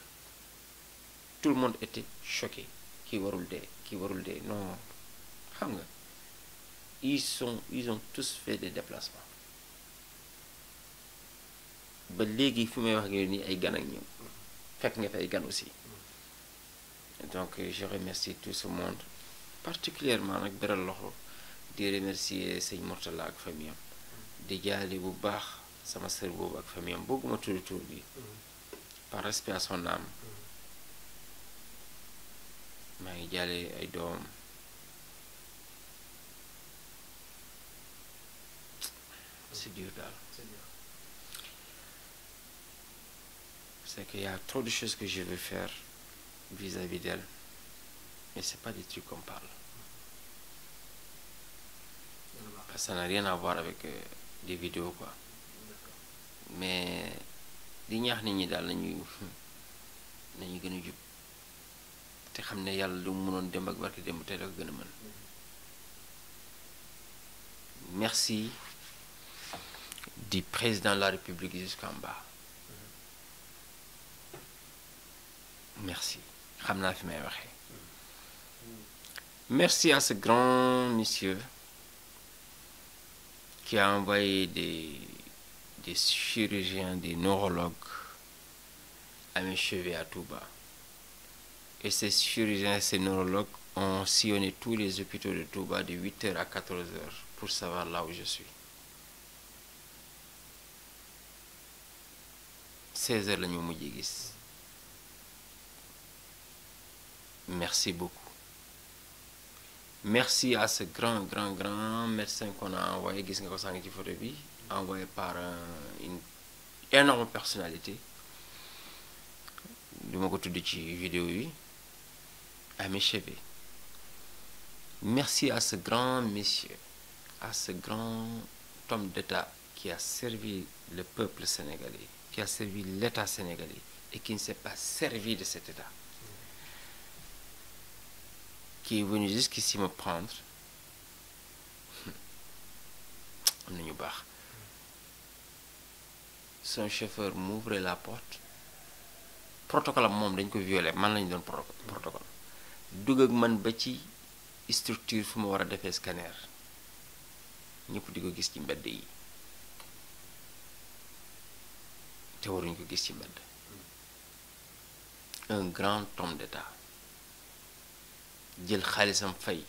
Speaker 2: tout le monde était choqué kii warul dee kii warul dee non xam nga. ils, sont, ils fait des déplacements ba léegi fi may wax ak ni ay gan ak ñëw fekk nga fi ay gan aussi donc euh, je remercie tout ce monde particulièrement nag beral loxo di remercier sëñ Mourtala ak famiyam di jaale bu baax sama sër boobu ak famiyam bëgguma tudd tur bi par respect à son âme mm. maa ngi jaale ay doom C'est dur, là. C'est dur. C'est qu'il trop de choses que je veux faire vis-à-vis d'elle. Mais c'est pas des trucs qu'on parle. Parce que n'a rien à avec euh, des vidéos, quoi. Mais di ñaax nit ñi daal nañuy nañu gën a jub te xam ne yàlla lu mu mënoon dem ak barke dem te da ko gën a mën mhm. merci du président la République jusqu'en bas merci xam naa fi may waxee merci à ce grand monsieur qui a envoyé des des chirurgiens des neurologues à mes cheveux à Touba et ces chirurgiens ces neurologues ont sillonné tous les hôpitaux de Touba de 8 heures à heures pour savoir là où je suis seize heures la ñu mujj gis merci beaucoup merci à ce grand grand grand médecin qu'on a envoyé gis nga ko sànq ci photo bi envoyé par euh, une énorme personnalité duma ko tudd ci vidéo yi Ami Chébé merci à ce grand monsieur à ce grand homme d'État qui a servi le peuple sénégalais qui a servi l'État sénégalais et qui ne s'est de cet État, qui est venu jusqu'ici me prendre. Hmm. am baax son chauffeur m'ouvre la porte protocole am moom dañ ko violé man lañu doon protocole dugg ak man ba ci structure fu ma war a defee scanner ñëpp di ko gis ci mbedd yi te waruñu ko gis ci mbedd un grand homme d'État jël xaalisam fay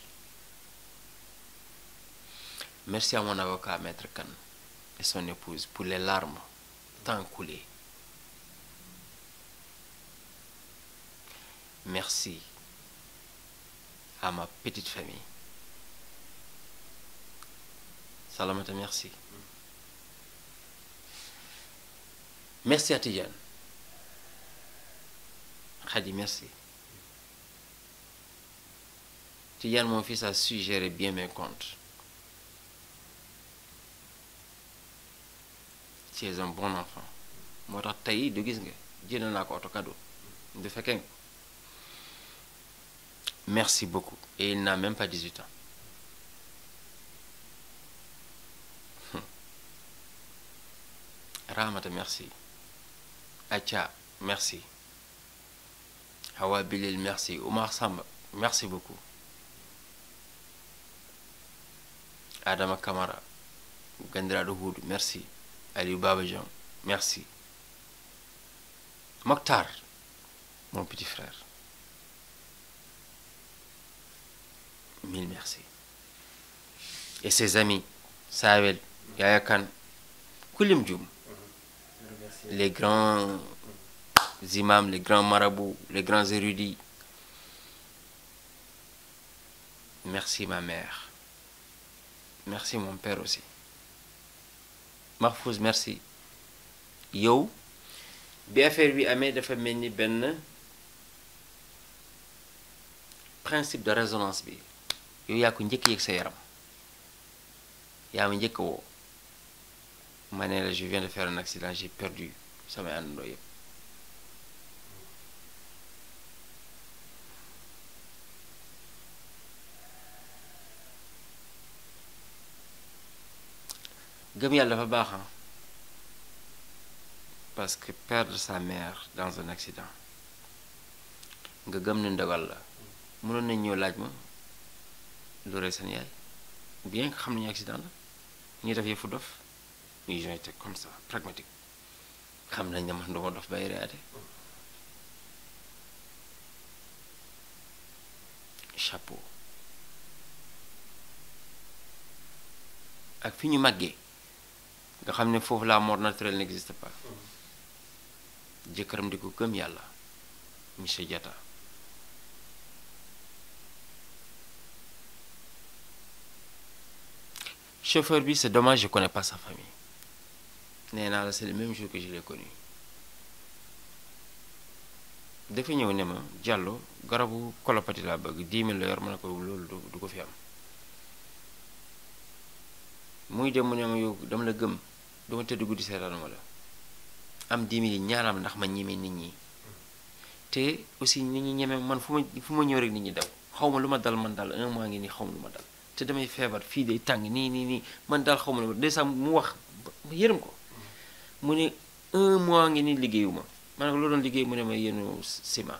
Speaker 2: merci à mon avocat maître Kane et son épouse pour larmes tant merci à petite famille Salamata merci merci à Tidiane Khady merci Tidiane mon fils a su bien mes comptes tu un bon enfant moo tax tey du gis nga jënd naa ko oto cadeau du fekkee merci beaucoup et il n'a même pas 18 ans Ramata merci Acha, merci. Hawa Bilil, merci. Omar Samba, merci beaucoup. Adama Kamara, Gandra Houd, merci. Aliou Babajan, merci. Mokhtar, mon petit frère. Mille merci. Et ses amis, Sahel, Yaya Kulim Djoum.
Speaker 1: les grands
Speaker 2: imams, les grands marabouts, les grands érudits. Merci ma mère. Merci mon père aussi. Mahfouz, merci. yow bi affaire bi amee dafa mel ni benn principe de résonance bi yow yaa ko njëkk yëg sa yaram yaa ma njëkk woo ma ne la je viens de faire un accident j'ai perdu samay àndandoo yëpp gëm yàlla dafa baax parce que perdre sa mère dans un accident nga gëm ni ndogal la mënoon nañ ñëw laaj ma lu rey seen yaay bien que xam nañu accident la ñu def yëfu dof ils ont xam nañ ne man duma dof bay reyaate chapeau ak fi ñu màggee nga xam ne foofu la mort naturelle n'existe pas jëkkëram di ko gëm yàlla monsieur Diatta chauffeur bi c'est dommage je connais pas sa famille nee naa la c'est le même jour que je l'ai connu dafa ñëw ne ma Diallo garabu kolopati laa bëgg 10 000 la yor ma ne ko loolu du ko fi am muy dem mu ne ma yow dama la gëm dama tëdd guddi seetaanuma la am 10 000 ñaanam ndax ma ñeme nit ñi te aussi nit ñi ñeme man fu ma fu ma ñëw nit ñi daw xaw ma lu ma dal man daal un ngi nii xaw ma lu ma dal te damay feebar fii day tàng nii nii nii man daal xaw ma lu ma dee sax mu wax yërëm ko mu ne un mois ngi nii liggéeyuma ma ne ko loo doon liggéey mu ne may yenu ciment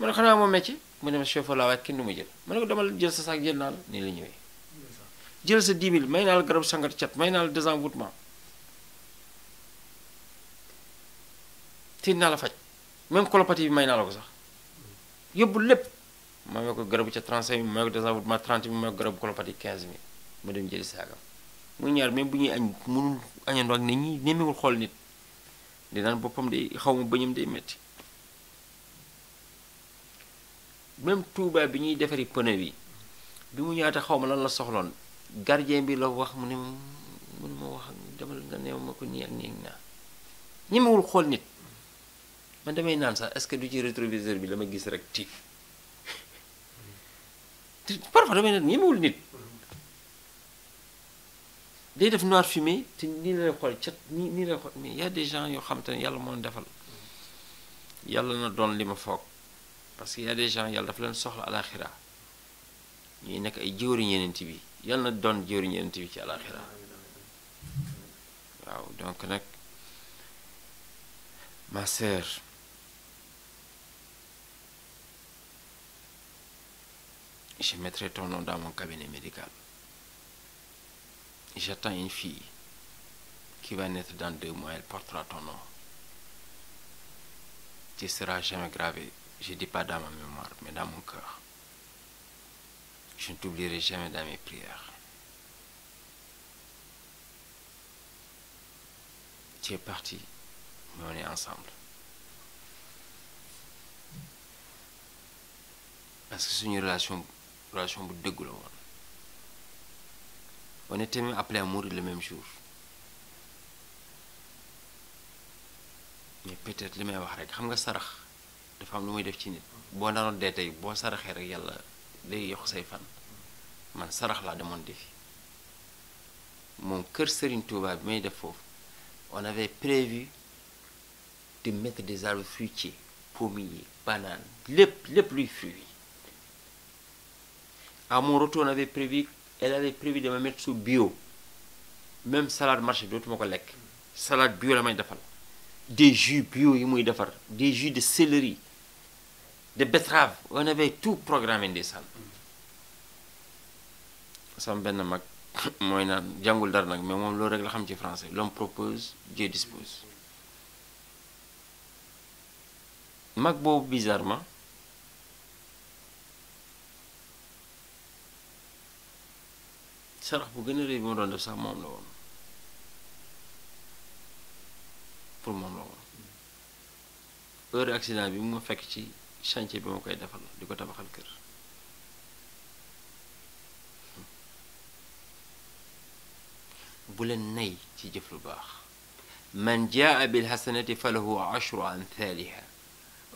Speaker 2: ma ne xanaa moo métier mu ne ma chauffeur laa waaye kenn du ma jël ma ne ko demal jël sa saak jël naa la nii la ñëwee jël sa 10 mille may naa la garab sangat cat may naa la désenvoûtement te naa la faj même colopathie bi may naa la ko sax yóbbu lépp ma ne ko garabu ca 35 000 ma ne ko désenvoûtement 30 000 ma ne ko garabu colopathie 15 000 ma dem jëli saagam muy ñaar même bu ñuy añ mënul añandoo ak nit ñi ñemewul xool nit dinaan boppam day xaw ma bëñam day metti même Touba bi ñuy defari pneu bi bi mu ñaata xaw ma lan la soxloon garjee bi la wax mu ne mu ne ma wax demal nga neew ma ko nii ak nii naa ñemewul xool nit man damay naan sax est-ce que du ci rétroviseur bi la gis rek tiit parfois damay naan ñemewul nit day def noir fumé te nii la lay xool cat nii nii la xool mais y a des gens yoo xam te ne yàlla moo defal yàlla na doon li ma foog parce que y des gens yàlla dafa leen soxla alaxira ñuy nekk ay jëwriñ yenent bi yàlla na doon jëwriñ yenent bi ci alaxira waaw donc nag ma sœur je mettrai ton nom dans cabinet médical j'attends une fille qui va naître dans deux mois, elle portera ton nom. Tu jamais gravé, je dis pas dans ma mémoire, mais dans mon cœur. Je ne t'oublierai jamais dans mes prières. Tu parti, mais on ensemble. Parce que c'est une relation relation bu dëgg la woon. On était même appelé à mourir le même jour. mais peut-être li may wax rek xam nga sarax dafa am lu muy def ci nit boo naroon dee tey boo saraxee rek yàlla day yokk say fan man sarax laa demoon defi moom kër sëriñ Touba bi may def foofu on avait prévu de mettre des arbres fruitiers pommiers bananes lépp lépp luy fruit à mon retour on avait prévu elle avait prévu de me mettre sous bio même salade marché dootuma ko lekk salaad bio la may defal des jus bio yi muy defar des jus de céleri de betterave on avait tout programmé ndeysaan sama benn mag mooy naan jàngul dar nag mais moom loolu rek la xam ci français l'homme propose Dieu dispose mag boobu bizarrement sarax bu gën a rëy bi ma doon def sax moom la woon pour moom la woon heure accident bi mu fekk ci sance bi ma koy defal di ko tabaxal kër bu leen nay ci jëf lu baax man jaa bil hasanati falahu ashru amthaliha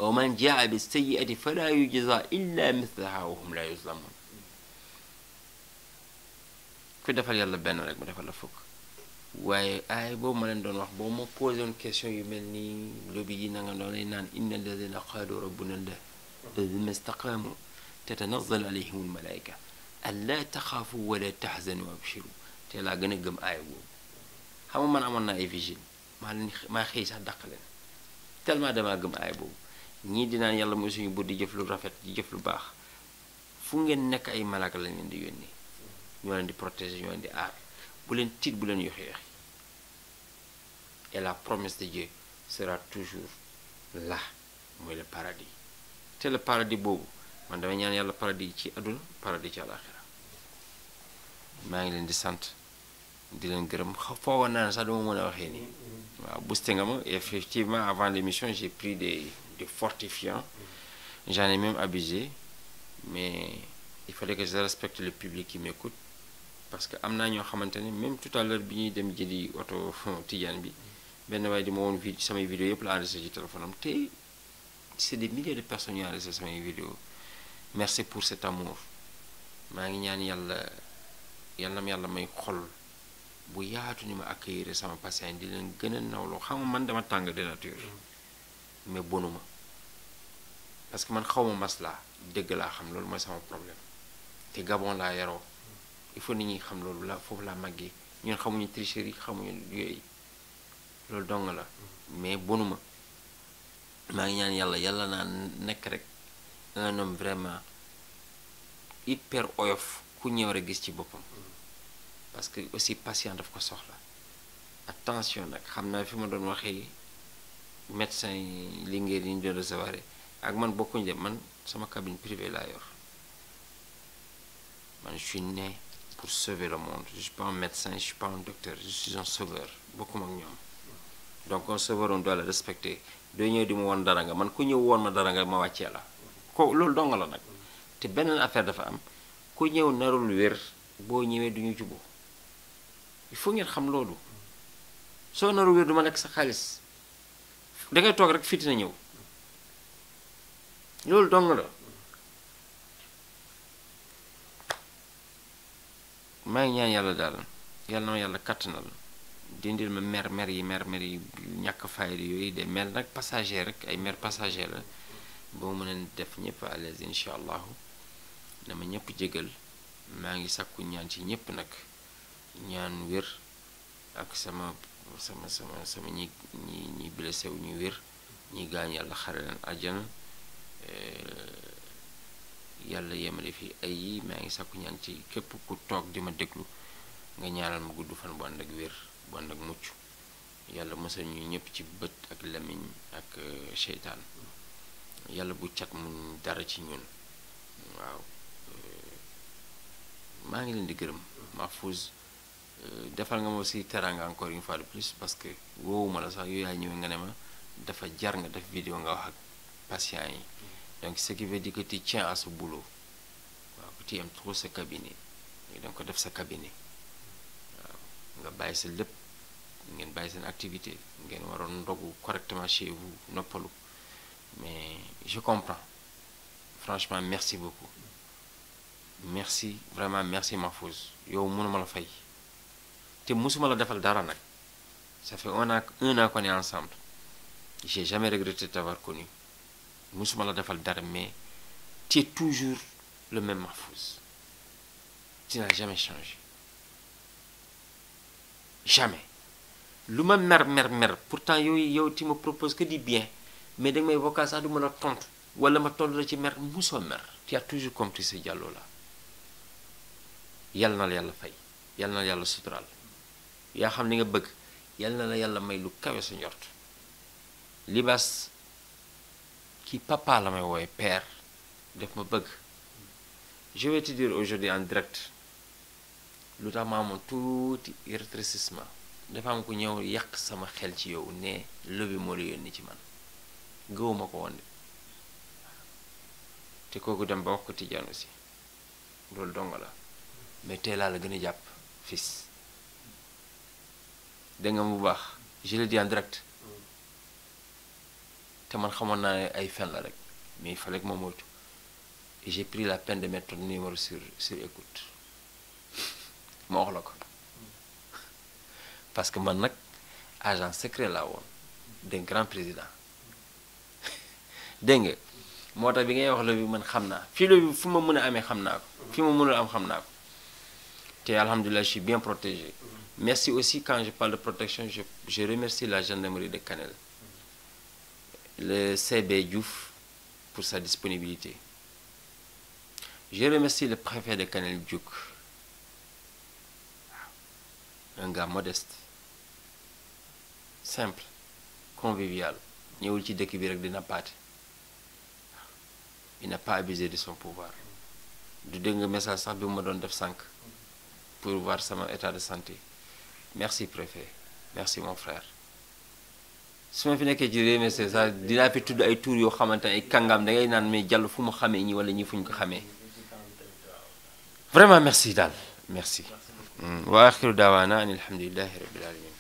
Speaker 2: wa man jaa bis sayyiati fala yujza illa mithlaha wa hum la yuzlamun ku defal yàlla benn rek mu defal la fukk waaye aay boobu ma leen doon wax boo ma posé woon question yu mel nii lobi yi nanga nga lay naan inna alladina qaalu rabbuna allah alladina istaqaamu tatanazzalu alayhim almalaika alla taxaafu wala taxzanu abshiru te laa gën a gëm aay boobu xam man amoon naa ay vigile maa leen maa xëy sax daq leen tellement damaa gëm aay boobu ñii dinaan yàlla mooy suñu buur di jëf lu rafet di jëf lu baax fu ngeen nekk ay malaaka lañ leen di yónni ñoo leen di protéger ñoo leen di aar bu leen tiit bu leen yox yoxi et la promesse de Dieu sera toujours là mooy le paradis te le paradis boobu man damay ñaan yàlla paradis ci àdduna paradis ci àlaxira maa ngi leen di sant di leen gërëm foogoon naa ne sax dama mën a waxee nii waaw boosté nga ma effectivement avant l'émission j'ai pris des des fortifiants j'en ai même abusé mais il fallait que je respecte le public qui m'écoute parce que am naa ñoo xamante ne même tout à l'heure bi ñuy dem jëli oto Tidiane bi benn waaye di ma woon vi samay vidéo yëpp la enregistré ci téléphone des milliers de personnes yu samay vidéo merci pour cet amour maa ngi ñaan yàlla yàlla na yàlla may xol bu yaatu ni ma ak accueillir sama patient di leen gën a nawloo xam nga man dama tàng de nature mais bonuma parce que man xaw ma mas laa dëgg laa xam loolu mooy sama problème te Gabon laa yaroo il faut nit ñi xam loolu la foofu laa màggee ñun xamuñu tricherie xamuñu yooyu loolu dong la mm-hmm. mais bonuma maa ngi ñaan yàlla yàlla naa nekk rek un homme vraiment hyper oyof ku ñëw a gis ci boppam mm-hmm. parce que aussi patient daf ko soxla attention nag xam naa fi ma doon waxee médecin yi li ngeen yi ñu doon recevoir ak man bokkuñ de man sama cabine privée laa yor man je né pour sauver le monde je suis pas un médecin je suis pas un docteur je suis un sauveur bokkuma ak ñoom donc un sauveur on doit le respecter doo ñëw di mu woon dara nga man ku ñëw woon ma dara nga ma wàccee la ko loolu dong la nag te beneen affaire dafa am ku ñëw narul wér boo ñëwee du ñu juboo il faut ngeen xam loolu soo narul wér du ma nekk sa xaalis da ngay toog rek fitina ñëw loolu dong la. maa ngi ñaan yàlla daal yàlla ma yàlla kattanal dindil ma mer mer yi mer mer yi ñàkk fayda yooyu de mer nag passager rek ay mer passager la boo mën a def ñëpp à l'aise incha allahu na ma ñëpp maa ngi sakku ñaan ci ñëpp nag ñaan wér ak sama sama sama sama ñi ñi ñi blessé wu ñu wér ñi gaañ yàlla xare leen àjjana eh, yàlla yemale fi ay yi maa ngi sàkku ñaan ci képp ku toog di ma déglu nga ñaaral ma gudd fan bu ànd ak wér bu ànd ak mucc yàlla mësal ñu ñëpp ci bët ak lamiñ ak euh, seytaan yàlla bu cat mu dara ci ñun waaw euh, maa ngi leen di gërëm fos euh, defal nga ma aussi teranga encore une fois de plus parce que woowuma la sax yooyu yaay ñëwee nga ne ma dafa jar nga def vidéo nga wax ak patient yi donc ce qui veut dire que tu tiens à ce boulot waaw que tu aimes trop ce cabinet léegi da ko def sa cabinet waaw nga bàyyi sa lépp ngeen bàyyi seen activité ngeen waroon ndogu correctement chez noppalu mais je comprends franchement merci beaucoup merci vraiment merci Mahfouz yow mënuma la fay te mësuma la defal dara nag ça fait un an un an qu'on est ensemble j'ai jamais regretté de t'avoir musuma la defal dara mais tu toujours le même Mahfouz tu n'as jamais changé jamais lu ma mer mer mer pourtant yow yow ti ma proposes que du bien mais da may bokkaat sax du ma la tontu wala ma tontu la ci mer musoo mer tu as toujours compris ce Diallo là yal na la yàlla fay yal na la yàlla suturaal yaa xam ni nga bëgg yal na la yàlla may lu kawe sa njort libaas kii papa la may wooye père def ma bëgg je vais te dire en direct lu tax ma amoon tuuti rétrécissement dafa am ku ñëw yàq sama xel ci yow ne lobi moo la yónni ci man gëwuma ko woon de te kooku dem ba wax ko Tijaan aussi loolu dong la mais tey laa la gën a jàpp fis dégg nga mu baax je le en direct man xamoon naa ne ay fen la rek mais il fallait que ma moytu et pris la peine de mettre ton numéro sur sur écoute ma wax la ko parce que man nag agent secret laa woon d'un grand président dégg nga moo tax bi ngay wax loolu man xam naa fii loolu fu ma mun a amee xam naa ko fi ma mënul am xam naa ko te alhamdulilah je suis bien protégé merci aussi quand je parle de protection je je remercie la gendarmerie de Kanel le CB Diouf pour sa disponibilité. Je remercie le préfet de Canel Diouk, un gars modeste, simple, convivial. Il n'a pas abusé de son pouvoir. du dégg nga message sax bi ma doon def sànq pour voir sama état de santé merci préfet merci mon frère su ma fi nekkee ci Rewmi c'est-à-dire dinaa fi tudd ay tuur yoo xamante ne ay kàngam da ngay naan mais jàll fu mu xamee ñi wala ñi fu ñu ko xamee vraiment merci daal merci wa axiru daawaana an alhamdulillahi rabbil alamin